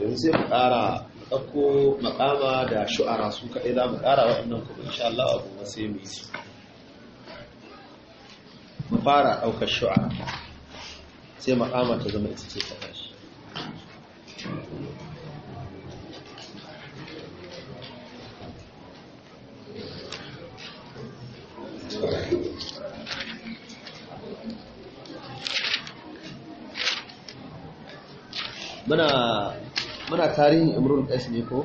yanzu sai mu ƙara ɗauko makama da shu'ara su kaɗai za mu ƙara waɗannan kuma insha Allah abu ma sai mu yi mu fara ɗaukar shu'ara sai makama ta zama ita ce ta muna tarihin imrul qais ne ko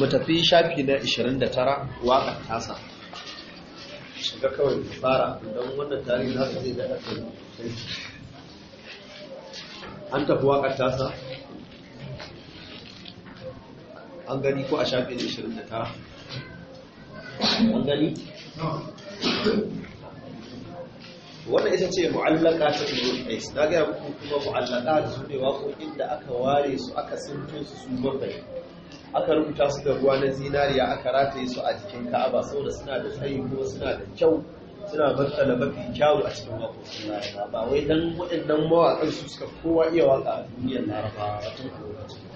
ko tafi shafi na 29 waƙar tasa shiga kawai da fara don wannan tarihin haka zai daɗa an tafi waƙar tasa an gani ko a shafi 29 an gani wannan ita ce mu'allaka ta turun ais suna gaya muku kuma mu'allaka da su ne waƙoƙin da aka ware su aka sinto su su bakwai aka rubuta su da ruwa na zinariya aka rataye su a jikin ka'aba saboda suna da tsayi kuma suna da kyau suna bartala mafi kyawu a cikin waƙoƙin laraba ba wai don waɗannan mawaƙan su suka kowa iya waƙa a duniyar laraba tun a lokacin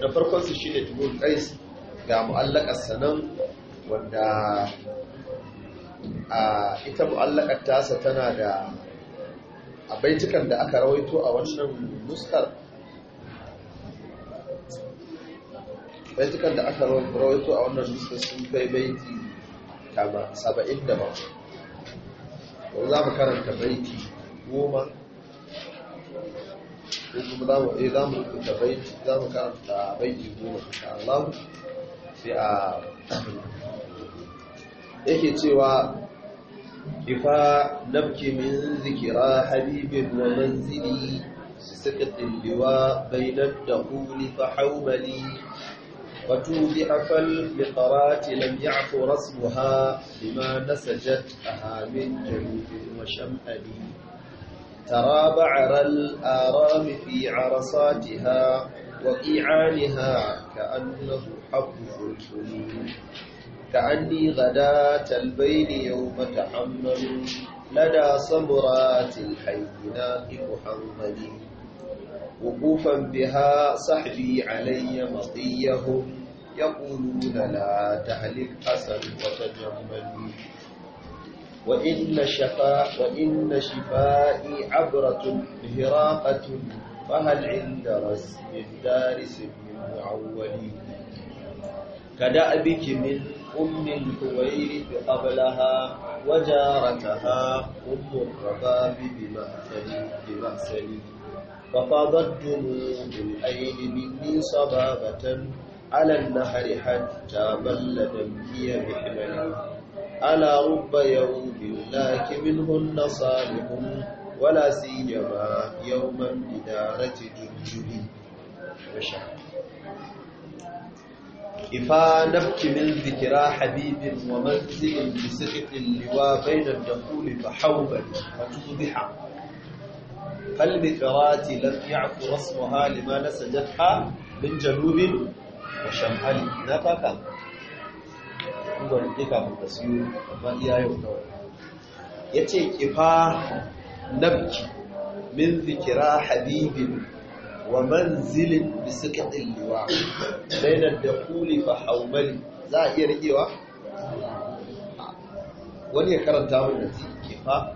da farkon su shine tubul qais ga mu'allaqar sanan wanda a ita mu'allaqar tasa tana da a da aka rawaito a wannan nuskar baitukan da aka rawaito a wannan nuskar sun kai baiti saba'in 77 ko za mu karanta baiti goma sai kuma za mu za mu eh, rubuta baiti za mu karanta baiti goma insha Allah sai a yake cewa kifa nabki min zikira habibin wa manzili سقط اللواء بين الدخول فحوملي وتوبع فالمقرات لم يعف رسمها بما نسجت أها من جنوب وشمألي ترى بعر الآرام في عرصاتها وقيعانها كأنه حب الفلفل كأني غداة البين يوم تحمل لدى صبرات الحيناء محمد وقوفا بها صحبي علي مطيهم يقولون لا تهلك حسن وتجمل وإن شفاء وإن شفائي عبرة هراقة فهل عند رسم الدارس من معولي كدأبك من أم الحوير قبلها وجارتها أم الرباب بمأسلي بمأسلي ففاضت دموع العين مني صبابة على النهر حتى بل دمي محملي ألا رب يوم لله منهن صالح ولا سيما يوم بدارة الجل إفا نبك من ذكرى حبيب ومنزل بسخط اللواء بين الدخول فحوبا فتوضحا فالذكرات لم يعف رسمها لما نسجتها من جنوب وشمال نفقا inda wani ɗaya kafin ka siyo amma iya yau kawai ya ce kifa nabki min zikira habibin wa manzilin bisikin liwa bainar da kuli fa haumali za a iya riƙewa wani ya karanta mun da kifa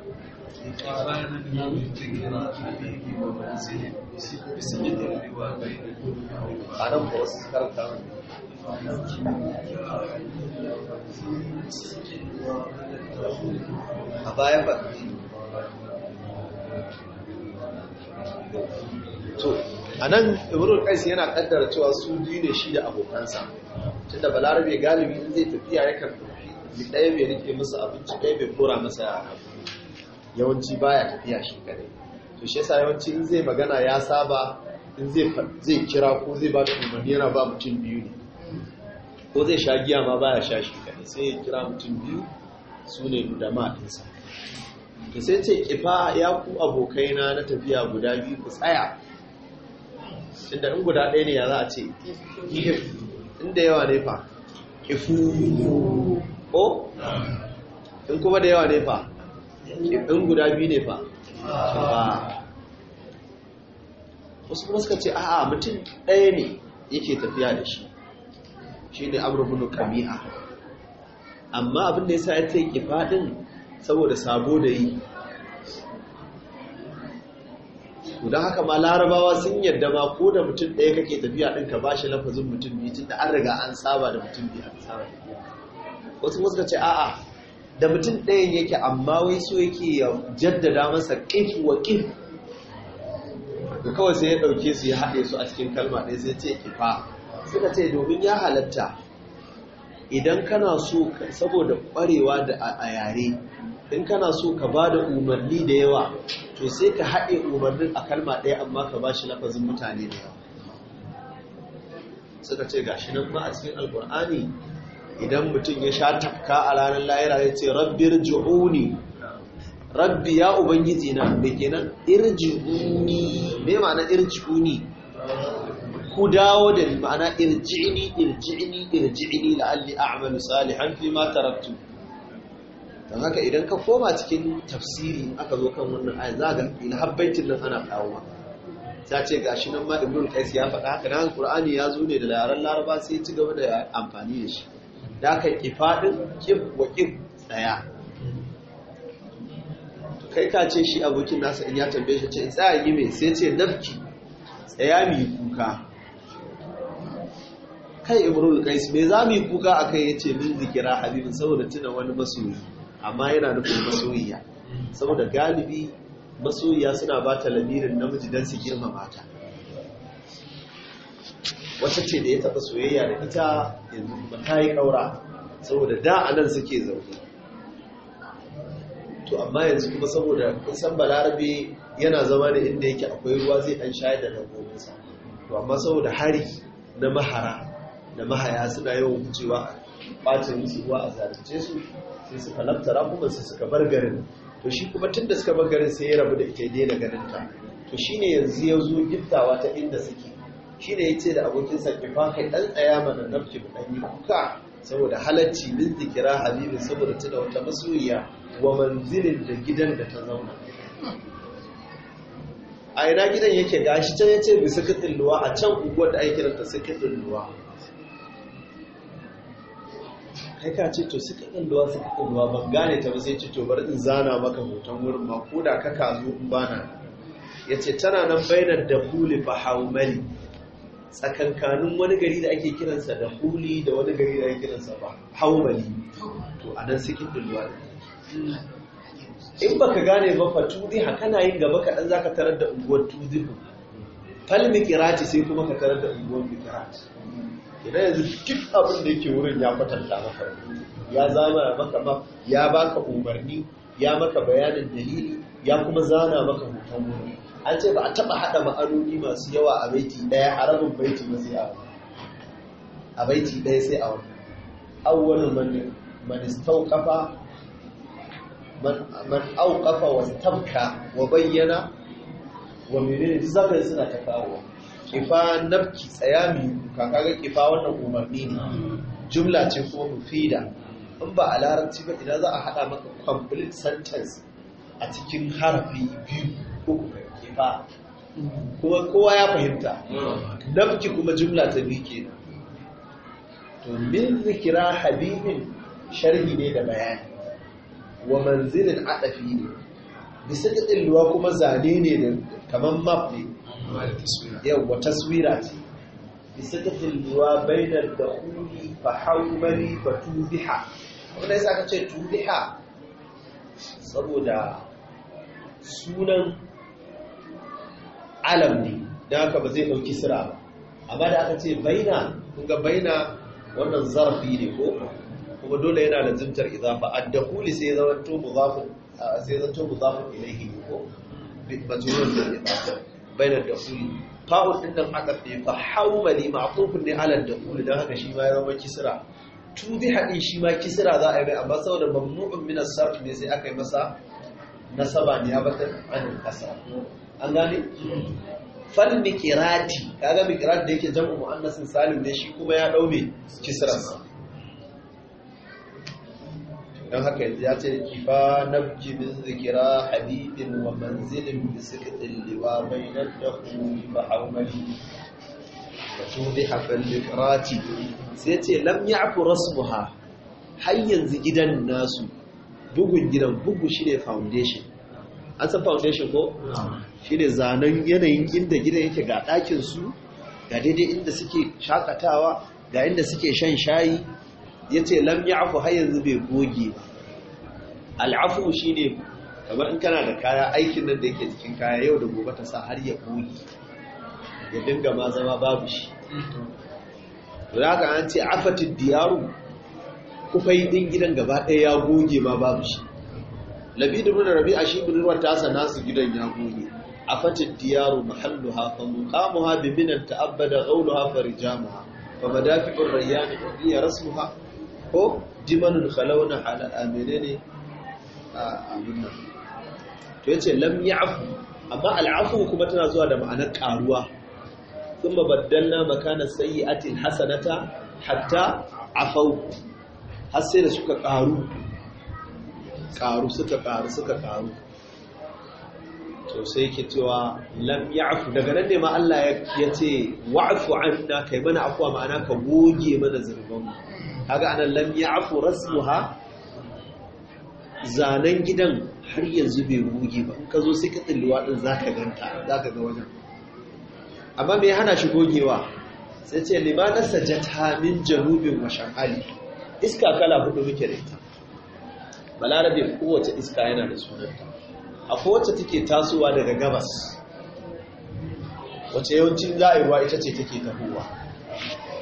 a nan ibirul kais yana kaddara cewa su biyu ne shi da abokansa tunda balarabe galibi in zai tafiya yakan tafi ɗaya bai rike masa abinci ɗaya bai kora masa abu yawanci baya tafiya shi kadai to shi yasa yawanci in zai magana ya saba in zai kira ko zai ba da yana ba mutum biyu ne ko zai sha giya ma baya sha shi kadai sai ya kira mutum biyu su ne da ma'insa to sai ce kifa ya ku abokaina na tafiya guda biyu ku tsaya inda in guda ɗaya ne ya za a ce inda yawa ne fa ifu ko in kuma da yawa ne fa in guda biyu ne fa wasu kuma suka ce a'a mutum ɗaya ne yake tafiya da shi shi ne amurbin kami'a amma abin da ya sa ya ta yi faɗin saboda sabo da yi don haka ma larabawa sun yadda ma ko da mutum ɗaya kake tafiya ɗin ka ba shi lafazin mutum biyu tun da an riga an saba da mutum biyu an saba wasu kuma suka ce a'a da mutum ɗayan yake amma wai so yake ya jaddada masa ƙif wa ƙif da kawai sai ya ɗauke su ya haɗe su a cikin kalma ɗaya sai ce ƙifa suka ce domin ya halatta idan kana so saboda ƙwarewa da a yare in kana so ka ba da umarni da yawa to sai ka haɗe umarnin a kalma ɗaya amma ka ba shi lafazin mutane da yawa suka ce gashi nan ma a cikin alkur'ani idan mutum ya sha tafka a ranar layira ya ce rabbi irji'uni rabbi ya ubangiji na da kenan irji'uni me ma'ana irji'uni ku dawo da ni ma'ana irji'ni irji'ni irji'ni la'alli a'malu salihan fi ma taraktu dan haka idan ka koma cikin tafsiri aka zo kan wannan aya za ga ina habbaitin nan ana kawo ta ce shi nan ma ibnul qais ya faɗa haka nan qur'ani ya zo ne da yaran laraba sai ya ci gaba da amfani da shi da aka faɗin kif wa kif tsaya kai ka ce shi abokin nasa in ya tambaye shi ce tsaya yi mai sai ce nafki tsaya mai kuka kai Ibrahim kais me za mu yi kuka a ya yace min zikira habibin saboda tuna wani masoyi amma yana nufin masoyiya saboda galibi masoyiya suna ba ta lamirin namiji don su girmamata. mata wata ce da ya taɓa soyayya da ita yanzu kuma ta yi ƙaura saboda da a nan suke zaune to amma yanzu kuma saboda kusan balarabe yana zama da inda yake akwai ruwa zai ɗan shayar da dabbobinsa to amma saboda hari na mahara da mahaya suna yawan wucewa a ɓacin ruwa a zalunce su sai suka lamtara, kuma su suka bar garin to shi kuma tun da suka bar garin sai ya rabu da ita daina ganin ta to shine yanzu ya zo gittawa ta inda suke shi ne ya ce da abokinsa kifa kai ɗan tsaya mana nafki ɗan yi kuka saboda halarci min zikira habibi saboda tuna wata masoyiya wa manzilin da gidan da ta zauna a ina gidan yake gashi can ya ce bi sukitin luwa a can unguwar da ake kiranta sukitin luwa kai ka ce to sukitin luwa sukitin luwa ban gane ta ba sai ce to bari in zana maka hoton wurin ma ko da ka kazo in bana ya ce tana nan bainar da kuli ba haumali tsakankanin wani gari da ake kiransa da huli da wani gari da ake kiransa ba haubali to a nan sikin dulwa in baka gane ba fa Haka na yin gaba kaɗan za ka tarar da unguwar ku. fal kirati sai kuma ka tarar da unguwar kirati idan yanzu duk abin da yake wurin ya kwatanta maka ya a maka ba ya baka umarni ya maka bayanin dalili ya kuma zana maka hoton wurin an ce ba a taɓa haɗa ma'anoni masu yawa a baiti ɗaya a rabin baiti ba sai a a baiti ɗaya sai a wani awwal man au man auqafa wastabka wa bayyana wa menene zaga suna ta kawo kifa nafki tsayami ka kaga kifa wannan umarni ne jumla ce ko mufida in ba a larabci ba idan za a haɗa maka complete sentence a cikin harafi biyu kuma kowa ya fahimta nafki kuma jumla ta biyu kenan to min zikira habibin sharhi ne da bayani wa manzilin adafi ne bisa ta ruwa kuma zane ne da kamar map ne wa taswira ce bisa ta bainar da huli fa haumari fa tubiha wanda ya sa ka ce tubiha saboda sunan alam ne don haka ba zai ɗauki sira ba amma da aka ce baina kunga baina wannan zarafi ne ko kuma dole yana da zimtar izafa addakuli sai zama to muzafin sai zama to muzafin ilaihi ko majrurun da izafa baina dakuli fa'ul din nan aka fi fa hawmali ma'tufun ne da kuli dan haka shi ma ya zama kisra bi hadin shi ma kisra za a yi mai amma saboda mamnu'un min as-sarf ne sai aka yi masa nasaba ne ya batar an ƙasa. an gane fal mikirati kaga mikirati da yake jam'u muannasin salim ne shi kuma ya dau me kisran dan haka yanzu ya ce kifa nabji bi zikira habibin wa manzilin bi sikrin liwa bainat dakhuli wa hawmali wa tudiha fal mikirati sai ce lam ya'fu rasmuha har yanzu gidan nasu bugun gidan bugu shine foundation an san foundation ko shine zanen yanayin inda gidan yake ga ɗakin su ga daidai inda suke shakatawa ga inda suke shan shayi yace lam ya'fu har yanzu bai goge ba al'afu shine kamar in kana da kaya aikin nan da yake cikin kaya yau da gobe ta sa har ya goge ya dinga ma zama babu shi ka an ce afatid diyaru kufai din gidan gaba ɗaya ya goge ma babu shi labidu bin rabi'a shi budurwar ruwan tasa nasu gidan ya goge عفت الديار محلها فمقامها بمنى تأبد غولها فرجامها فمدافع الريان أغني رسمها هو دمن خلون على آمنين آمنا تويتي لم يعفو أما العفو كما تنازوها لما أنا كاروا ثم بدلنا مكان السيئة الحسنة حتى عفو حسنا شكا كارو كارو سكا كارو سكا كارو to sai ke cewa lam ya'fu daga nan ne ma Allah ya ce wa'fu anna kai mana afwa ma'ana ka goge mana zunuban mu kaga anan lam ya'fu zanen gidan har yanzu bai goge ba ka zo sai ka tsilluwa din zaka ganta zaka ga wajen amma me hana shi gogewa sai ce na sajata min janubin wa iska kala hudu muke da ita balarabe kowace iska yana da sunanta a wacce take tasowa daga gabas Wace yawancin za ita ce take tahowa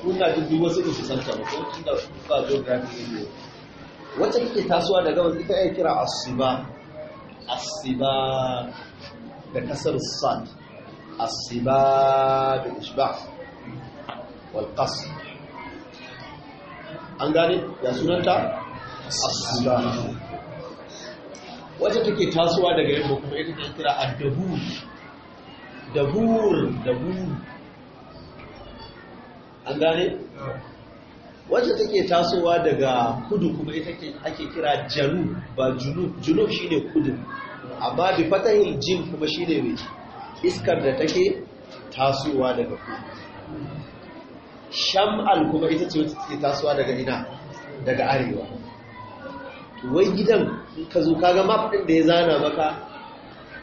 kuna duk duk wasu isu san ta mutum tun da kuka geography ne wacce take tasowa daga gabas ita ya kira asiba asiba da kasar sand. asiba da ishba wal qas an gane ya sunanta asiba wacce take tasowa daga yamma kuma ita ta kira a dabur dabur dabur. an gane wacce take tasowa daga kudu kuma ita ake kira janu ba junub junub shine kudu amma bi fatahil jin kuma shine mai iskar da take tasowa daga kudu sham'al kuma ita ce wacce take tasowa daga ina daga arewa wai gidan ka zo kaga map ɗin da ya zana maka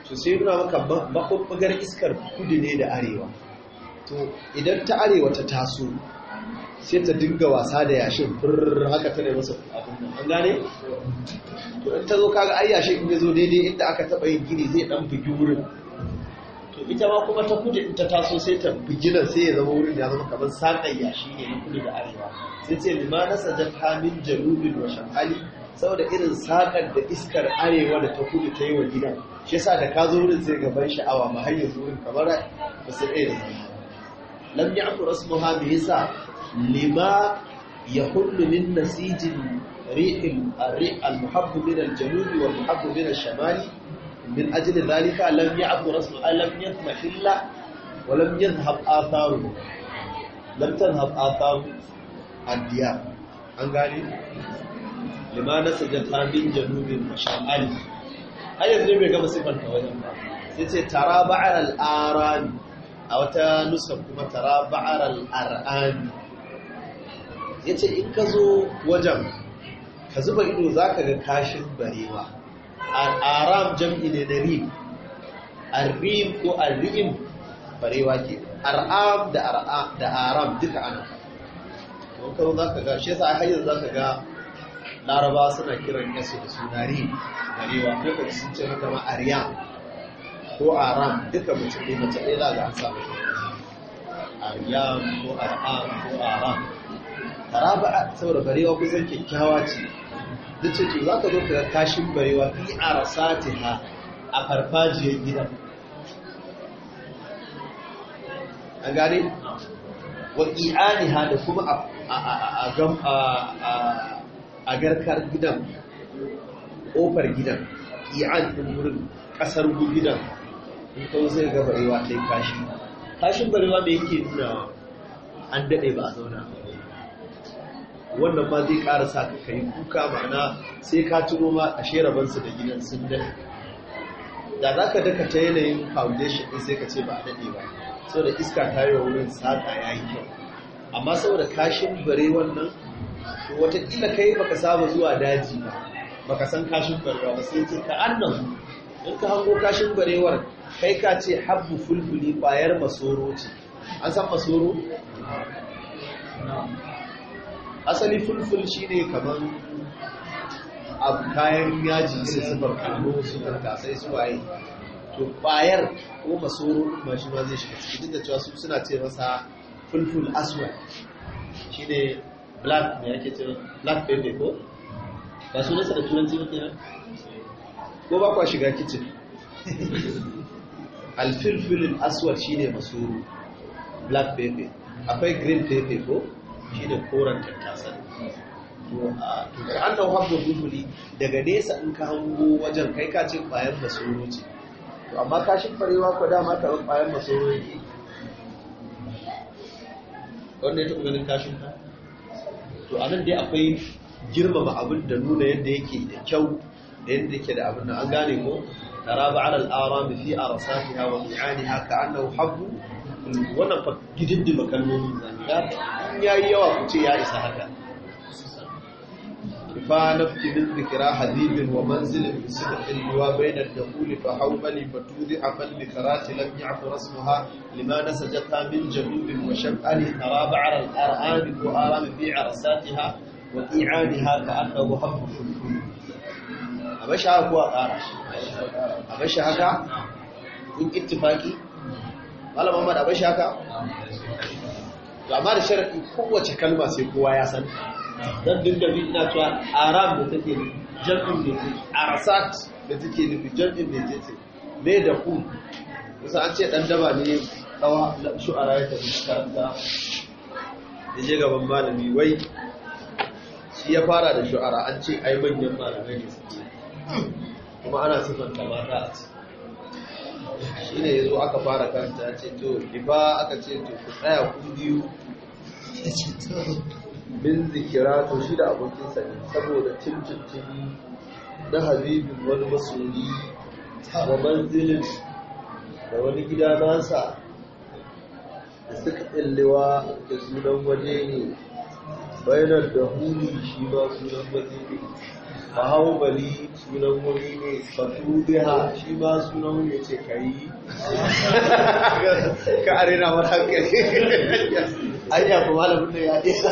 to sai nuna maka makwabbagar iskar kudu ne da arewa to idan ta arewa ta taso sai ta dinga wasa da yashin burr haka ta masa abin nan an gane to in ta zo kaga ai yashin in ya zo daidai inda aka taɓa yin gini zai ɗan bugi wurin to ita ma kuma ta kudu in ta taso sai ta bugi nan sai ya zama wurin ya zama kamar saƙan yashi ne na kudu da arewa sai ce limanasa sajan hamin jalubin wa shakali saboda irin sakar da iskar arewa da ta kudu ta yi wa gidan shi yasa da ka zo wurin sai gaban sha'awa ma har wurin kamar ba su ɗaya da zama lam ya'tu rasmuha bi yasa lima yahullu min nasijin ri'il al muhabbu min al janubi wal muhabbu min al shamali min ajli dhalika lam ya'tu rasmuha lam yatmahilla wa lam yadhhab atharu lam tadhhab atharu al diyar an gane limana sajata min janubin mashamali har yanzu bai gama sifanta wajen ba sai ce tara ba'ar al'arani a wata nuskar kuma tara ba'ar al'arani ya ce in ka zo wajen ka zuba ido za ka ga kashin barewa al'aram jam'i ne da rim arrim ko arrim barewa ke ar'am da aram duka ana kawo za ka ga shi yasa hanyar za ka ga laraba suna kiran yasu da sunari garewa duka sun ce haka ma aryan ko aram duka mace ɗaya mace ɗaya za an samu mata aryan ko aram ko aram taraba saboda barewa kusan kyakkyawa ce duk ce to za ka zo ka kashin barewa fi ha a farfajiyar gidan a gane wa ha da kuma a a garkar gidan ƙofar gidan iyan ɗin wurin ƙasar gidan in kawo zai ga barewa ta yi kashi kashin barewa mai yake nuna an daɗe ba a zauna wannan ma zai ƙara sa ka kai kuka ma'ana sai ka tuno ma a shera bansu da gidan sun daɗe da za ka daka ta yanayin foundation ɗin sai ka ce ba a daɗe ba saboda iska ta yi wa wurin saƙa ya yi kyau amma saboda kashin barewan nan to kila kai baka saba zuwa daji ba baka san kashin barewa ba sai ce annan in ka hango kashin barewar kai ka ce habbu fulfuli bayar masoro ce an san masoro asali fulful shine kamar abu kayan yaji ne sufar kallo sufar sai su waye to bayar ko masoro ma shi ma zai shiga cikin da cewa su suna ce masa fulful aswad shine black ne ake cewa black pepper ko ba su nasa da turanci ba kenan ko ba kwa shiga kitchen alfilfilin aswad shine masu black pepper akwai green pepper ko Shi ne koren tattasa ah, to an dau habba guduri daga nesa in ka hango wajen kai ka ce bayan masu ce to amma kashin farewa ko dama ka bayan masoro ne wanda ya taɓa ganin kashin ka to anan dai akwai girmama abin da nuna yadda yake da kyau da yadda yake da abin nan an gane ko taraba ala al-aram fi arsatiha wa mi'aniha annahu habbu wannan fa gididdima kalmomi zan ga yayi yawa ku ce ya isa haka فانت بالذكرى حبيب ومنزل بصدق اللواء بين الدخول فحوبلي فتوضع فالذكرات لم يعف رسمها لما نسجتها من جنوب وشمال ترى بعر الارهام وارام في عرساتها وقيعانها كانه هم فلفل أبشا هو قارش أبشا هكا kun ittifaki malam Muhammad abin shaka to amma da sharadi kowace kalma sai kowa ya san dan dinga bi ina cewa aram da take ne jam'in da ce arasat da take bi jam'in da ce ne da ku kusa an ce dan daba ne kawa shu'ara ta fi karanta da je gaban malami wai shi ya fara da shu'ara an ce ai manyan malamai ne suke kuma ana sifanta mata a ciki shi ne ya zo aka fara karanta ya ce to ba aka ce to ku tsaya ku biyu bin zikira to shi da abokinsa ne saboda tuntuntuni na habibin wani masoyi wa manzilin da wani gida nasa da suka tsallewa da sunan waje ne bayanar da huni shi ma sunan waje ne bahubali sunan wuri ne fatudiha shi ba sunan wuri ce ka yi ka arena wata hankali anya kuma malamin da ya iya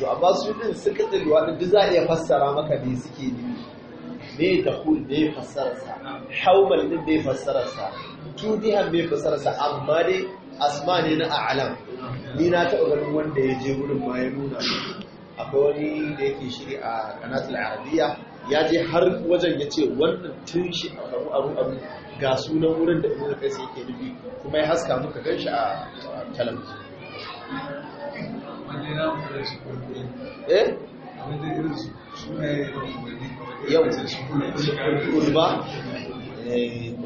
to amma su din suka tsilwa da duk za a iya fassara maka ne suke ne ne ta kul me fassara sa haumal din me fassara sa tudiha me fassara sa amma dai asma ne na a'alam ni na taɓa ganin wanda ya je wurin bayan ya nuna akwai wani da yake shiri a kanatul arabiya ya je har wajen ya ce wannan tun shi a abu abu ga sunan wurin da ibn qasim yake dubi kuma ya haska muka gan shi a talabijin eh yau kurba eh.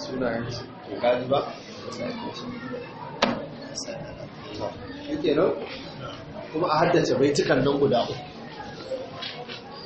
sunayen su gani ba shi ke nan kuma a haddace baitukan nan guda uku